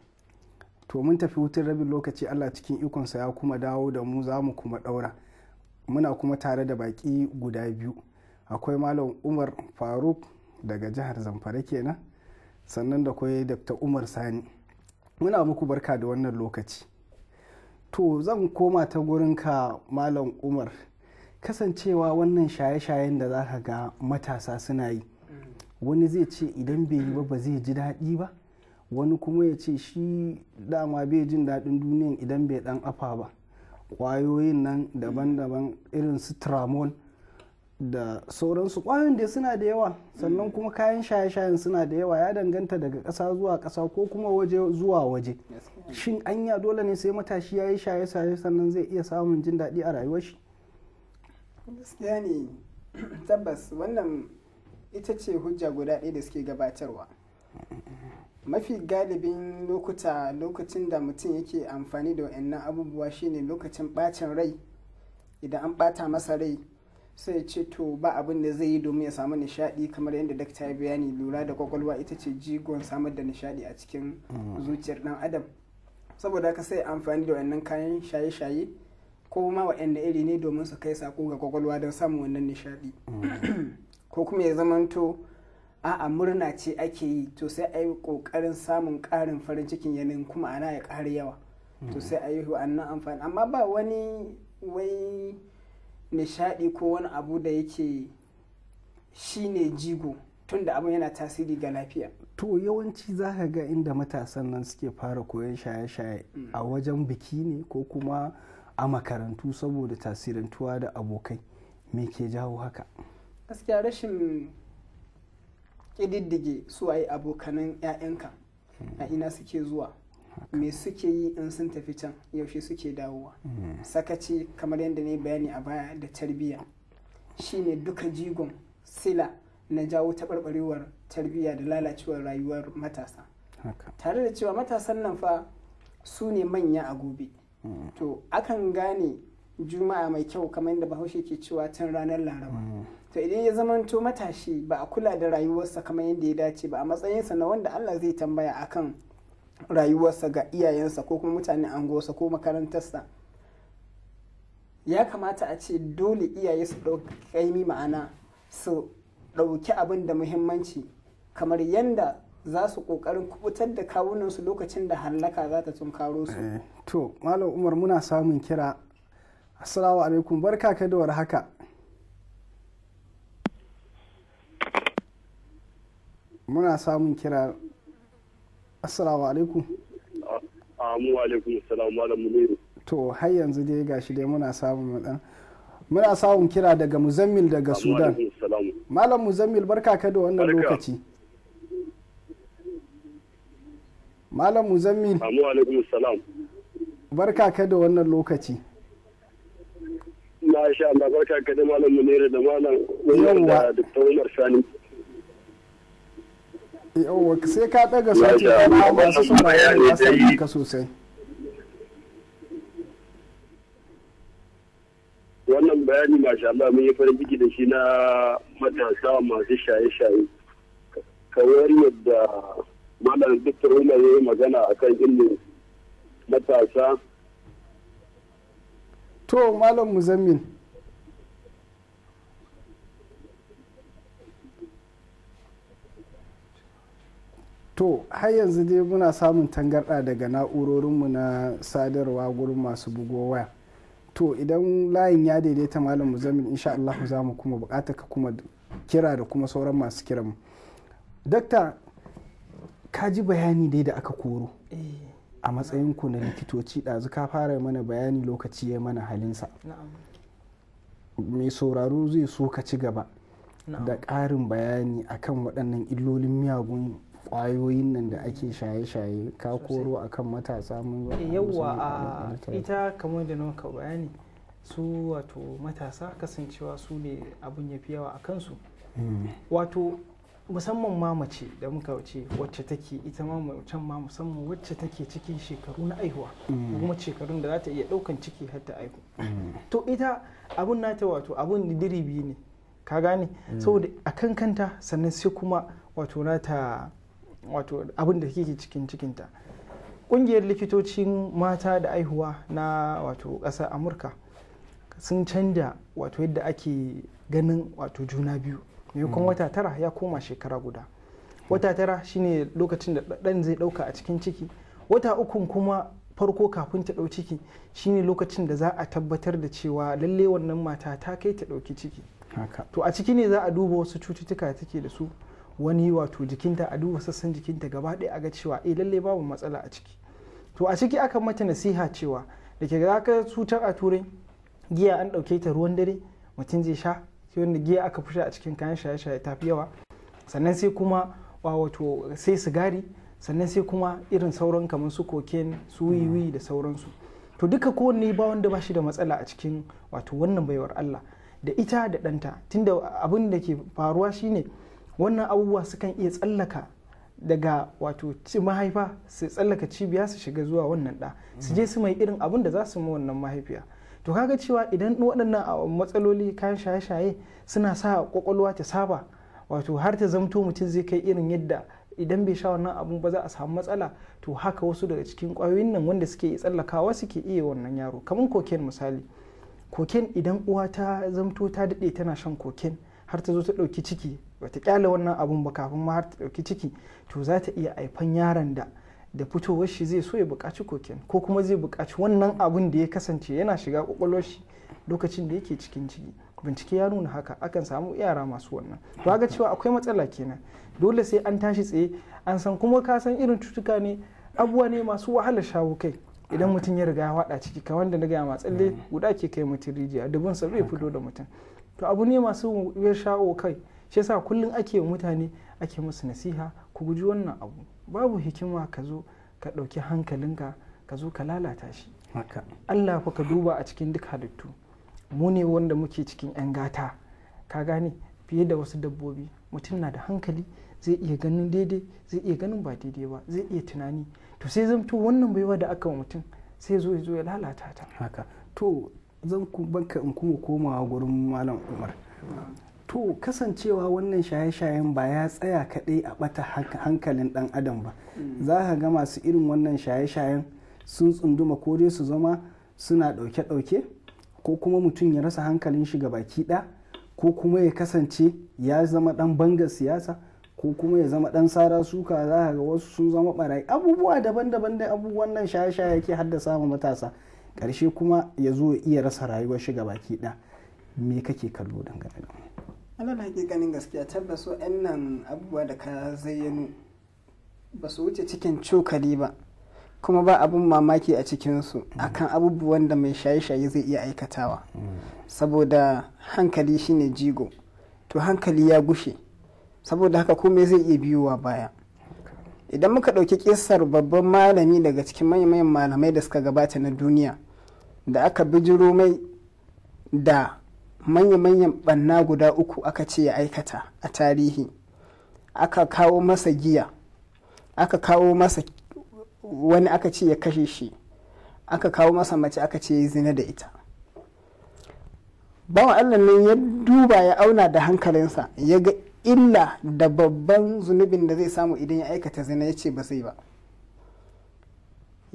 to mun tafi wutar rabin lokaci allah cikin ikonsa ya kuma dawo da mu za mu kuma daura muna kuma tare da baki guda biyu akwai malam umar faruk daga jihar zamfara kenan sannan da kwai dr umar sani muna muku barka da wannan lokaci to zan koma ta gurinka malam umar kasancewa wannan shaye-shayen da za ka ga matasa suna yi wani zai ce idan bai yi ba ba zai ji daɗi ba wani kuma ya ce shi dama bai jin daɗin duniyan idan bai ɗan afa ba ƙwayoyin nan daban-daban irin su tramol da sauransu kwayoyin da suna da yawa sannan kuma kayan shaye-shayen suna da yawa ya danganta daga kasa zuwa kasa ko kuma waje zuwa waje shin anya dole ne sai matashi ya yi shaye-shaye sannan zai iya samun jin daɗi a rayuwar shi ne tabbas wannan ita ce hujja guda ɗaya da suke gabatarwa mafi galibin lokuta lokacin da mutum yake amfani da wa'annan abubuwa shine lokacin ɓacin rai idan an ɓata masa rai sai ce to ba abin da zai yi domin ya samu nishadi kamar yadda dakta ya bayani lura da kwakwalwa ita ce jigon samar da nishadi a cikin mm. zuciyar dan adam saboda haka sai amfani da wannan kayan shaye-shaye ko ma wa'anda iri ne domin su kai sako ga kwakwalwa don samun wannan nishadi mm. ko kuma ya zamanto a murna ce ake yi to sai a yi kokarin samun karin farin cikin yanayin kuma ana ya ƙara yawa to mm. sai a yi wa'annan amfani amma ba wani wai nishadi ko wani abu da yake shi ne jigo tun da abin yana tasiri ga lafiya to yawanci za ka ga inda matasan nan suke fara koyon shaye-shaye a wajen biki ne ko kuma a makarantu saboda tasirantuwa da abokai me ke jawo haka gaskiya rashin ƙididdige su a yi abokanan 'ya'yanka a ina suke zuwa me suke yi in sun tafi can yaushe suke dawowa hmm. sakaci kamar yadda ne bayani a baya da tarbiyya shine duka jigon sila na jawo taɓarɓarewar tarbiyya da lalacewar rayuwar matasa tare da cewa matasan nan fa su ne manya a gobe hmm. to akan gane juma'a mai kyau kamar yadda bahaushe ke cewa tun ranar laraba hmm. to idan ya zamanto matashi ba a kula da rayuwarsa kamar yadda ya dace ba a matsayinsa na wanda allah zai tambaya akan rayuwarsa ga iyayensa ko kuma mutane anguwarsa ko makarantarsa ya kamata a ce dole iyaye su ɗauki ƙaimi ma'ana su ɗauki abin da muhimmanci kamar yadda za su ƙoƙarin kubutar da kawunansu lokacin da hallaka za ta tunkaro su. Eh, to malam umar muna samun kira assalamu alaikum barka ka da haka muna samun kira assalamu alaikum amu alaikum salamu ala muniru to har yanzu dai gashi dai muna samun madan muna samun kira daga muzammil daga sudan malam muzammil barka ka da wannan lokaci malam muzammil amu alaikum salam. barka ka da wannan lokaci na sha Allah barka ka da malam muniru da malam da Dr. Umar Sani sai ka ɗaga sauti masu sun bayani ka sosai wannan bayani masha Allah mun yi farin ciki da shi na matasa masu shaye-shaye kawar yadda malam Dr. Umar ya yi magana a kan ilmin matasa to malam Muzammin to har yanzu dai muna samun tangarɗa daga na'urorinmu na sadarwa gurin masu bugo waya to idan layin ya daidaita malam muzamin insha Allah za mu kuma bukata ka kuma kira da kuma sauran masu kiran mu dakta ka ji bayani dai da aka koro eh. a matsayin ku na likitoci ɗazu ka fara mana bayani lokaci ya mana halinsa mai sauraro zai so ka ci gaba da ƙarin bayani akan waɗannan illolin miyagun kwayoyin nan da ake shaye-shaye ka koro akan matasa mun eh, yawwa a ita kamar da nauka bayani su wato matasa kasancewa su ne abin ya fi yawa a kansu mm. wato musamman ma mace da muka wace wacce take ita ma ma musamman wacce take cikin shekaru na aihuwa mm. kuma shekarun da za ta iya daukan ciki har ta aihu mm. to ita abun nata wato abun diribi ne ka gane saboda akan kanta sannan sai kuma wato nata wato abin da kike cikin cikinta ƙungiyar likitocin mata da aihuwa na wato ƙasar amurka sun canja wato yadda ake ganin wato juna biyu maimakon hmm. wata tara ya koma shekara guda wata tara shine lokacin da ɗan zai ɗauka a cikin ciki wata ukun kuma farko kafin ta ɗau ciki shine lokacin da za a tabbatar da cewa lalle wannan mata ta kai ta ɗauki ciki to a ciki ne za a duba wasu cututtuka take da su wani wato jikinta a duba sassan jikinta gaba ɗaya a ga cewa eh lallai babu matsala a ciki to a ciki akan mata nasiha cewa da ke ga ka cutar a turai giya an ɗauke ta ruwan dare mutum zai sha wanda giya aka fi a cikin kayan shaye-shaye ta fi yawa sannan sai kuma wato sai sigari sannan sai kuma irin sauran kamar su koken su wiwi da sauransu to duka kowanne ba wanda ba shi da matsala a cikin wato wannan baiwar Allah da ita da ɗanta tunda abin da ke faruwa shine wannan abubuwa sukan iya tsallaka daga wato mahaifa su tsallaka cibiya su shiga zuwa wannan da su je su mai irin abin da za su ma wannan mahaifiya to kaga cewa idan waɗannan matsaloli kayan shaye-shaye suna sa kwakwalwa ta saba wato har ta zamto mutum zai kai irin yadda idan bai sha wannan abun ba za a samu matsala to haka wasu daga cikin ƙwayoyin nan wanda suke tsallakawa suke iya wannan yaro kamar koken misali koken idan uwa ta zamto ta daɗe tana shan koken har ta zo ta ɗauki ciki bata kyale wannan abun ba kafin ma har ta dauki ciki to za ta iya haifan yaron da da fitowar shi zai so ya buƙaci koken ko kuma zai buƙaci wannan abun da ya kasance yana shiga kwakwalwar shi lokacin da yake cikin ciki bincike ya nuna haka akan samu yara masu wannan to ga cewa akwai matsala kenan dole sai an tashi tsaye an san kuma ka san irin cutuka ne abuwa ne masu wahala shawo kai idan mutum ya riga ya wada ciki kamar da na gaya ma tsalle mm. guda ke kai mutum rijiya dubin sa bai fito da mutum to abu ne masu wuyar shawo kai shi yasa kullum ake wa mutane ake musu nasiha ku guji wannan abu babu hikima ka zo ka ɗauki hankalinka ka zo ka lalata shi Allah fa ka duba a cikin duk halittu mu ne wanda muke cikin 'yan gata ka gane fiye da wasu dabbobi mutum na da hankali zai iya ganin daidai zai iya ganin ba daidai ba zai iya tunani to sai zamto wannan baiwa da aka wa mutum sai zo zo ya lalata ta haka to zan banka in kuma komawa gurin malam umar to kasancewa wannan shaye-shayen ba ya tsaya kaɗai a ɓata hankalin ɗan adam ba mm. za ka ga masu irin wannan shaye-shayen sun tsunduma ko dai su zama suna ɗauke-ɗauke ko kuma mutum ya rasa hankalin shi baki ɗaya ko kuma ya kasance ya zama ɗan bangar siyasa ko kuma ya zama ɗan sara suka za ka ga wasu sun zama barayi abubuwa daban-daban da abubuwan nan shaye-shaye ke haddasa ma matasa ƙarshe kuma ya zo iya rasa rayuwar shi baki ɗaya me kake kallo dangane da alal ganin gaskiya tabbas waɗannan abubuwa da ka zayyano ba su wuce cikin cokali ba kuma ba abin mamaki a cikinsu mm. akan abubuwan da mai shaye-shaye zai iya aikatawa mm. saboda hankali shine jigo to hankali ya gushe saboda haka komai zai iya biyowa baya idan muka ɗauki kisar babban malami daga cikin manyan malamai da suka gabata na duniya da aka bijiro mai da manya-manyan banna guda uku aka ce ya aikata a tarihi aka kawo masa giya aka kawo masa wani aka ce ya kashe shi aka kawo masa mace aka ce ya zina da ita bawan allah ne ya duba ya auna da hankalinsa ya ga illa da babban zunubin da zai samu idan ya aikata zina ya ce ba zai ba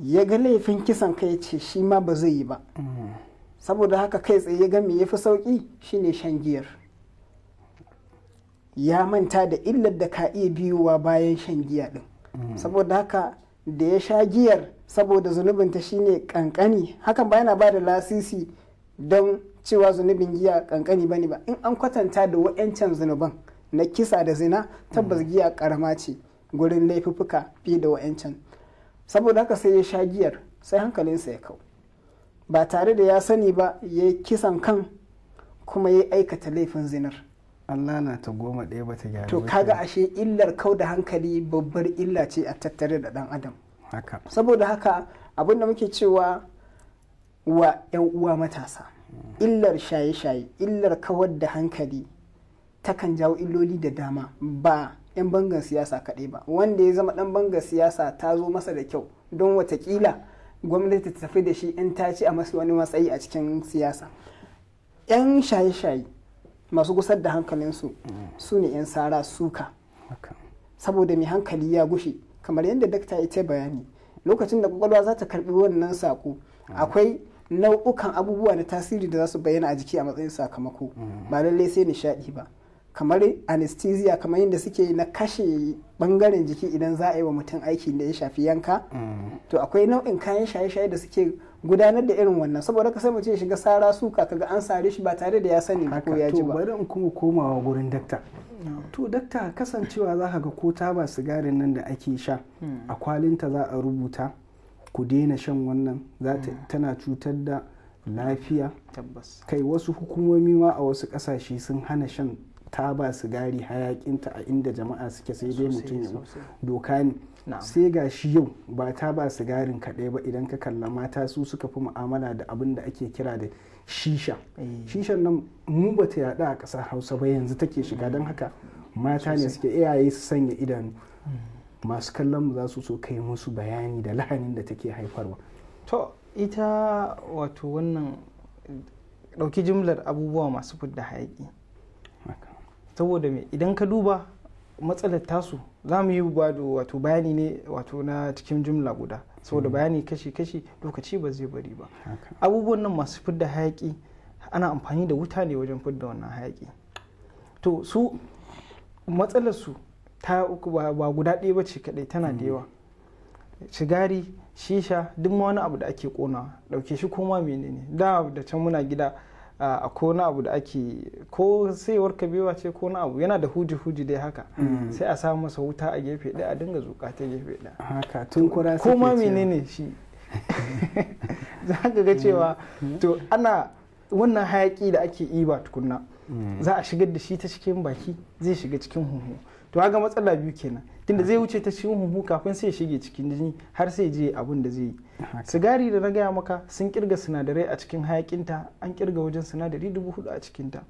ya ga laifin kisan kai ce shi ma ba zai yi ba saboda haka kai tsaye ga me fi sauki shine shan giyar ya manta da illar da ka iya biyowa bayan shan giya din mm. saboda haka da ya sha giyar saboda zunubin ta shine kankani hakan ba yana ba da lasisi don cewa zunubin giya kankani bane ba in an kwatanta da wa'yancan zunuban na kisa da zina tabbas mm. giya karama ce gurin laifuffuka fiye da wa'yancan saboda haka sai ya sha giyar sai hankalinsa ya kau ba tare da ya sani ba ya yi kisan kan kuma ya aikata laifin zinar Allah na ta goma ɗaya ba ta gyara to kaga ashe illar kau da hankali babbar illa ce a tattare da ɗan adam haka saboda haka abin da muke cewa wa 'yan uwa matasa mm. illar shaye-shaye illar kawar da hankali takan jawo illoli da dama ba 'yan bangan siyasa kaɗai ba wanda ya zama ɗan bangan siyasa ta zo masa da kyau don watakila gwamnati ta tafi da shi in ta ci a masu wani matsayi a cikin siyasa yan shaye-shaye masu gusar da hankalinsu su ne yan sara suka saboda mai hankali ya gushe kamar yadda dakta ya ce bayani lokacin da kwakwalwa za ta karbi wannan sako akwai nau'ukan abubuwa na tasiri da za su bayyana a jiki a matsayin sakamako mm. ba lallai sai nishaɗi ba kamar anesthesia kamar yadda suke na kashe bangaren jiki idan za a yi wa mutum aiki da ya shafi yanka to akwai nau'in kayan shaye-shaye da suke gudanar da irin wannan saboda ka sai shiga sara suka kaga an sare shi ba tare da ya sani ba ko ya ji ba bari in kuma komawa gurin dakta to dakta kasancewa za ka ga ko taba sigarin nan da ake sha hmm. a kwalinta za a rubuta ku daina shan wannan hmm. tana cutar da lafiya kai wasu hukumomi ma a wasu kasashe sun hana shan ta ba sigari hayakinta a inda jama'a suke sai dai mutum ya doka ne sai ga shi yau ba ta ba sigarin kaɗai ba idan ka kalla mata su suka fi mu'amala da abin da ake kira da shisha eh. shishan nan mu ba ta yaɗa a ƙasar hausa ba yanzu take shiga don haka mata ne suke iyaye su sanya idanu masu kallon mu za su so kai musu bayani da lahanin da take haifarwa to ita wato wannan ɗauki jimlar abubuwa masu fidda hayaƙi saboda me idan ka duba matsalar tasu za mu yi wato bayani ne wato na cikin jumla guda saboda hmm. bayani kashi-kashi lokaci ba zai bari ba abubuwan nan masu fidda hayaki ana amfani da wuta ne wajen fidda wannan hayaki to su matsalar su ta ba guda ɗaya ba ce kadai tana da hmm. yawa shigari shisha duk wani abu da ake kona ɗauke shi koma menene da da can muna gida a ko na abu da ake ko saiwar kabewa ce ko na abu yana da huji huji dai haka mm. sai a samu masa wuta a gefe ɗaya a dinga zuƙa ta gefe ɗaya haka tun kura ko ma menene shi za ka ga cewa mm. to ana wannan hayaƙi da ake iba tukunna mm. za a shigar da shi ta cikin baki zai shiga cikin huhu to ga matsala biyu kenan tunda zai wuce ta cikin huhu kafin sai shige cikin jini har sai je abin da zai yi sigari da na gaya maka sun kirga sinadarai a cikin hayakinta an kirga wajen sinadari dubu hudu a cikinta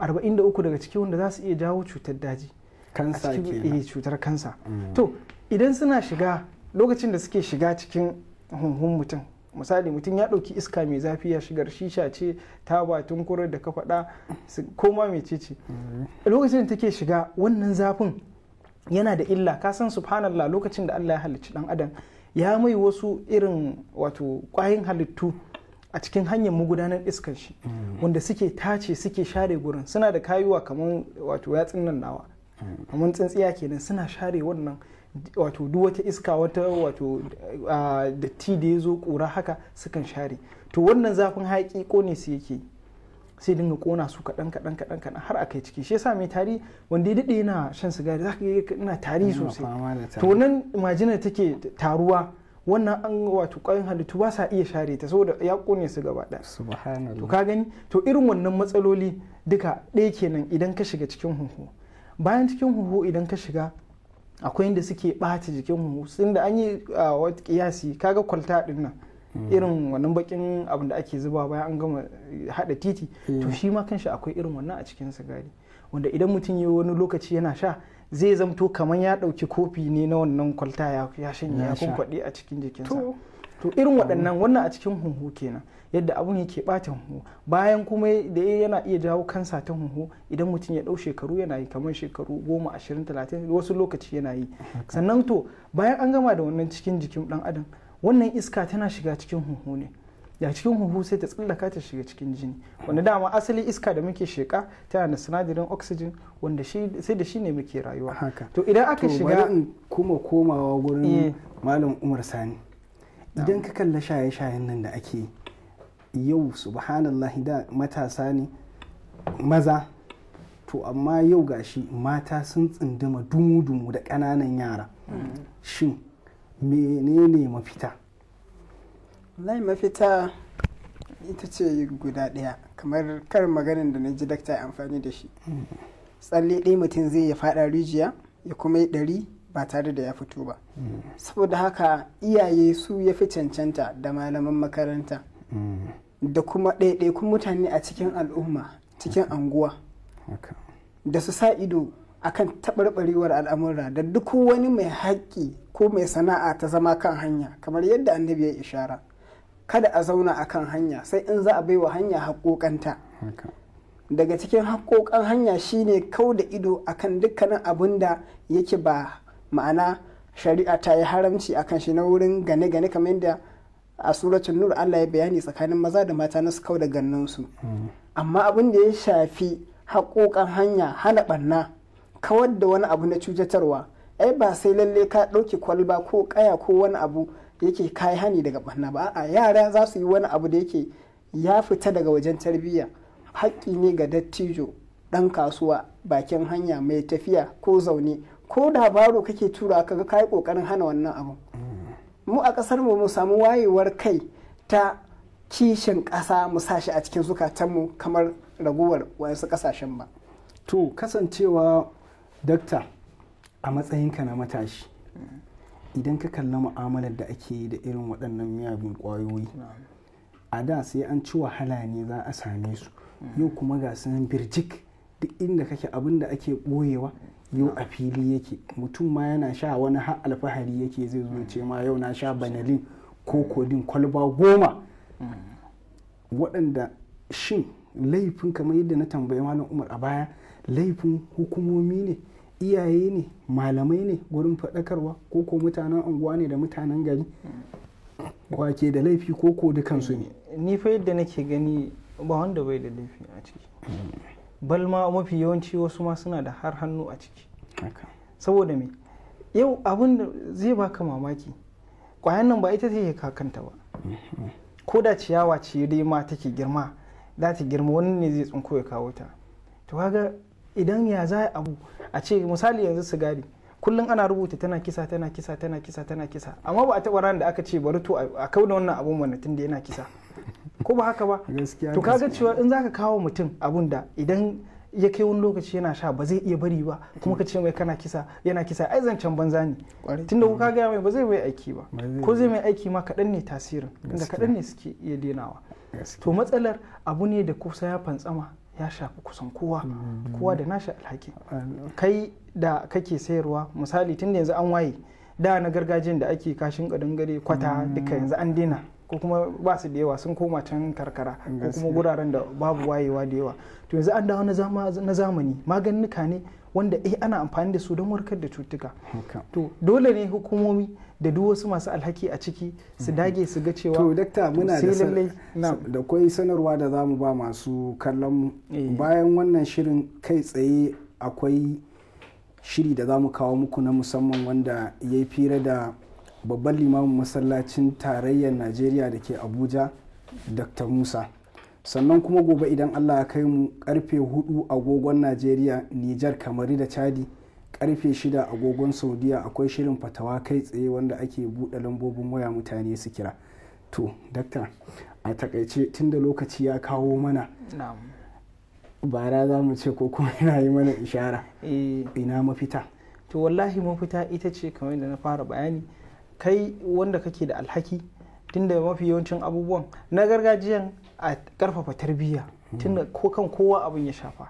arba'in da uku daga cikin wanda za su iya jawo cutar daji kansa kenan eh, cutar kansa mm. to idan suna shiga lokacin da suke shiga cikin huhun mutum misali mutum ya ɗauki iska mai zafi ya shigar shisha ce taba tunkura da ka faɗa koma mai ce mm-hmm. lokacin da take shiga wannan zafin yana da illa ka san subhanallah lokacin da Allah ya halicci dan adam ya mai wasu irin wato kwayin halittu a cikin hanyar magudanar iskar shi mm-hmm. wanda suke tace suke share gurin suna da kayuwa kamar wato yatsin nan nawa mm-hmm. kamar tsintsiya kenan suna share wannan wato duk wata iska wata wato da ti da ya zo kura haka sukan share to wannan zafin ko ne su yake sai dinga kona su kaɗan kaɗan kaɗan kaɗan har a kai ciki shi yasa mai tari wanda ya daɗe yana shan sigari za ka ga ina tari sosai to nan majina take taruwa wannan an wato ƙwayoyin halittu ba sa iya share ta saboda ya ƙone su gaba ɗaya to ka gani to irin wannan matsaloli duka ɗaya kenan idan ka shiga cikin huhu bayan cikin huhu idan ka shiga akwai inda suke ɓata jikin huhu sun da an yi wata kiyasi kaga kwalta dinnan nan mm. irin wannan bakin abin da ake zuba bayan an gama eh, haɗa titi to shi ma kanshi akwai irin wannan a cikin sigari wanda idan mutum ya wani lokaci yana sha zai zamto kamar ya ɗauki kofi ne na wannan kwalta ya shanye ya kunkwaɗe a cikin jikinsa to irin waɗannan wannan a cikin huhu kenan yadda abun yake bata huhu bayan kuma da yana iya jawo kansa ta huhu idan mutum ya ɗau shekaru yana yi kamar shekaru goma ashirin talatin wasu lokaci yana yi sannan to bayan an gama da wannan cikin jikin dan adam wannan iska tana shiga cikin huhu ne da cikin huhu sai ta tsallaka ta shiga cikin jini wanda dama asali iska da muke sheka tana da sinadarin oxygen wanda sai da shi ne muke rayuwa to idan aka shiga kuma komawa gurin eh. malam umar sani idan ka kalla shaye-shayen nan da ake yi. yau subhanallah da matasa ne maza to amma yau gashi mata sun tsindima dumu-dumu da ƙananan yara shin menene mafita lai mafita ita ce guda ɗaya kamar kar maganin da na ji dakta ya amfani da shi tsalle ɗaya mutum zai ya faɗa rijiya ya kuma yi ɗari ba tare da ya fito ba saboda haka iyaye su ya fi cancanta da malaman makaranta da kuma ɗaiɗaikun mutane a cikin al'umma cikin anguwa da su sa ido akan taɓarɓarewar al'amura da duk wani mai haƙƙi ko mai sana'a ta zama kan hanya kamar yadda annabi ya ishara kada a zauna a kan hanya sai in za a bai wa hanya haƙoƙanta daga cikin haƙoƙan hanya shine kau da ido akan dukkanin abin da yake ba ma'ana shari'a ta yi haramci akan shi na wurin gane-gane kamar yadda a suratun nur Allah ya bayani tsakanin maza da mata na su kau da su hmm. amma abin da ya shafi haƙoƙan hanya hana ɓanna kawar da wani abu na cutarwa ai ba sai lalle ka ɗauke kwalba ko ƙaya ko wani abu yake kai hani daga ɓanna ba a'a yara za su yi wani abu da yake ya fita daga wajen tarbiyya haƙƙi ne ga dattijo ɗan kasuwa bakin hanya mai tafiya ko zaune ko da kake tura ka ga kai ƙoƙarin hana wannan abu hmm. mu a kasar mu mu samu wayewar kai ta kishin ƙasa mu sashi a cikin zukatanmu kamar raguwar wasu kasashen ba to kasancewa dokta a matsayinka na matashi idan ka kalla mu'amalar da ake yi da irin waɗannan miyagun ƙwayoyi a da sai an ci wahala ne za a same su yau kuma ga san birjik duk inda kake abin da ake ɓoyewa yau a fili yake mutum ma yana sha wani har alfahari yake zai zo ce ma yau na sha banalin ko kodin kwalba goma waɗanda shin laifin kamar yadda na tambayi malam umar a baya laifin hukumomi ne iyaye ne malamai ne gurin faɗakarwa ko ko mutanen unguwa ne da mutanen gari wake da laifi ko ko dukansu ne ni fa yadda nake gani ba wanda bai da laifi a ciki mm. balma mafi yawanci wasu ma suna da har hannu a ciki saboda me yau abin da zai baka mamaki kwayan nan ba ita take kakanta ba mm-hmm. ko da ciyawa ce dai ma take girma za ta girma wani ne zai tsinko ya kawo ta to kaga idan ya za abu a ce misali yanzu sigari kullum ana rubuta tana kisa tana kisa tana kisa tana kisa amma ba a taɓa ran da aka ce bari to a kauda wannan abun wannan tunda yana kisa ko ba haka ba to kaga cewa in zaka kawo mutum abun da idan ya kai wani lokaci yana sha ba zai iya bari ba kuma ka ce mai kana kisa yana kisa ai zancen banza ne tunda kuka gaya mai ba zai mai aiki ba ko zai mai aiki ma kaɗan ne tasirin inda kaɗan ne suke iya denawa to matsalar abu ne da kusa ya fantsama ya shafi kusan kowa mm-hmm. kowa da nashi alhaki kai da kake sayarwa misali tunda yanzu an waye da na gargajiyan da ake kashin ƙadangare kwata duka mm. yanzu an dena ko kuma ba su da yawa sun koma can karkara ko kuma guraren da babu wayewa da yawa to yanzu an dawo na zamani maganinka ne wanda eh ana amfani da su don warkar da cutuka to dole ne hukumomi da duk wasu masu alhaki a ciki su mm-hmm. dage su ga cewa to dakta muna da kwai sanarwa da zamu ba masu kallon mu eh. bayan wannan shirin kai tsaye akwai shiri da zamu kawo muku na musamman wanda ya fira da babban limamin masallacin tarayyar najeriya da ke abuja dr musa sannan kuma gobe idan allah ya kai mu karfe 4 agogon najeriya nijar kamari da chadi karfe 6 agogon saudiya akwai shirin fatawa kai tsaye wanda ake buɗe lambobin waya mutane su kira to dakta a takaice tunda lokaci ya kawo mana bara za mu ce ko yana yi mana ishara eh. ina mafita to wallahi mafita ita ce kamar da na fara bayani kai wanda kake da alhaki tunda mafi yawancin abubuwan na gargajiyan a karfafa tarbiyya tunda ko kan kowa abin ya shafa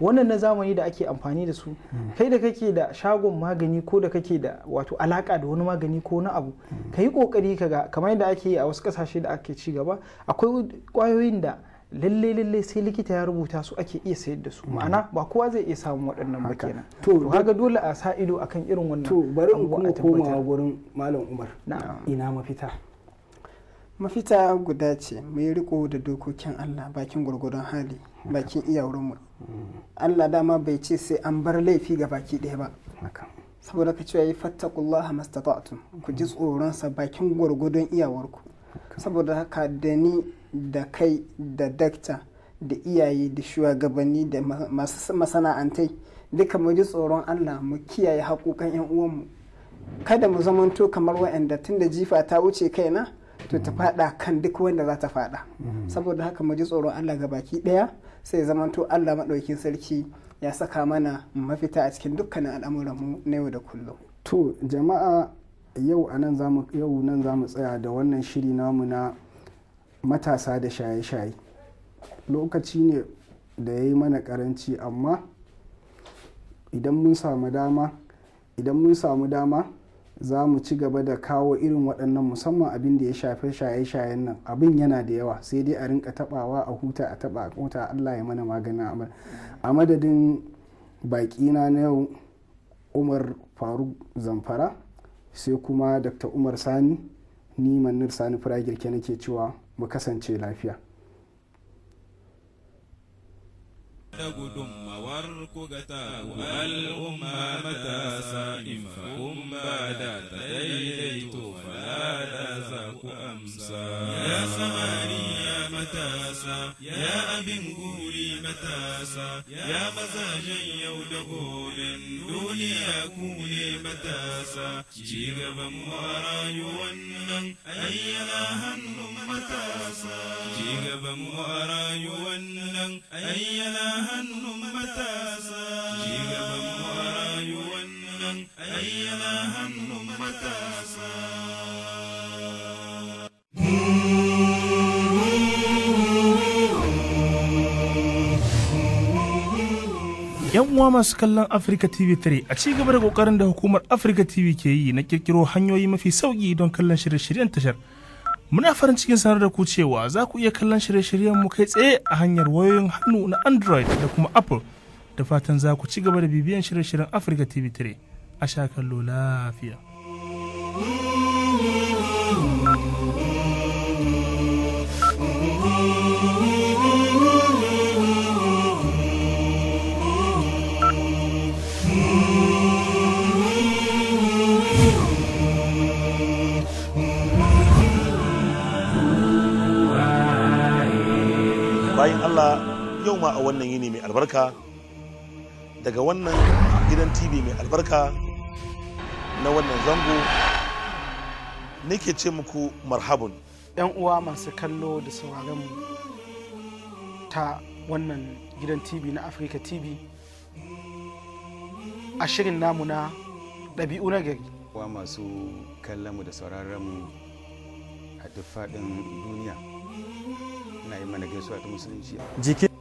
wannan na zamani da ake amfani da su kai da kake da shagon magani ko da kake da wato alaka da wani magani ko na abu ka yi kokari ga kamar yadda ake yi a wasu kasashe da ake ci gaba akwai kwayoyin da lallai lallai sai likita ya rubuta su ake iya sayar da su mm. ma'ana ba kowa zai iya samun waɗannan ba kenan to kaga dole a sa ido akan irin wannan to bari in kuma koma gurin malam umar ina mafita mafita guda ce mu yi riko da dokokin Allah bakin gurgurun hali bakin mu mm. Allah dama bai ce sai an bar laifi ga baki ɗaya ba saboda ka cewa yi fattakullah mastata'atun ku ji mm. tsoronsa bakin gwargwadon iyawarku saboda haka da ni da kai da dakta da iyaye da shugabanni da masu masana'antai duka mu ji tsoron Allah mu kiyaye haƙoƙan 'yan uwanmu kada mu zamanto kamar wa'anda tun da jifa ta wuce kai na to ta faɗa kan duk wanda za ta faɗa mm-hmm. saboda haka mu ji tsoron Allah ga baki ɗaya sai zamanto Allah maɗaukin sarki ya saka mana mafita a cikin dukkanin al'amuran mu na yau da kullum to jama'a yau nan za mu tsaya da wannan shiri namu na matasa da shaye-shaye lokaci ne da ya yi mana karanci amma idan mun samu dama idan mun samu dama za mu ci gaba da kawo irin waɗannan musamman abin da ya shafi shaye-shayen nan abin yana da yawa sai dai a rinka tabawa a huta a taba a huta allah ya mana magana a madadin baƙina na yau umar faru zamfara sai kuma dr umar sani ni manir sani firagirke nake cewa mu kasance lafiya da gudunmawar ku ga tawo al'umma matasa in fa'un ba da ta daidaito fa da za ku amsa متاسا يا أبي قولي متاسا يا مزاجا يودغول دوني أكوني متاسا جيغبا مواراي ونن أي لاهن متاسا جيغبا مواراي ونن أي لاهن متاسا جيغبا مواراي ونن أي لاهن متاسا Yan uwa masu kallon Africa TV3 a ci gaba da kokarin da hukumar Africa TV ke yi na kirkiro hanyoyi mafi sauki don kallon shirye-shiryen tashar. Muna farin cikin sanar da ku cewa za ku iya kallon shirye-shiryen mu kai tsaye a hanyar wayoyin hannu na Android da kuma Apple. Da fatan za ku ci gaba da bibiyan shirye-shiryen Africa TV3 a sha kallo lafiya. Allah yau ma a wannan yini mai albarka daga wannan gidan TV mai albarka na wannan zango nake ce muku marhabun. ‘Yan uwa masu kallo da sauraron ta wannan gidan TV na Afirka TV a shirin namu na ɗabi'u na gari. Wa masu mu da mu a duk faɗin duniya. ina yi mana gaisuwa ta musulunci jikin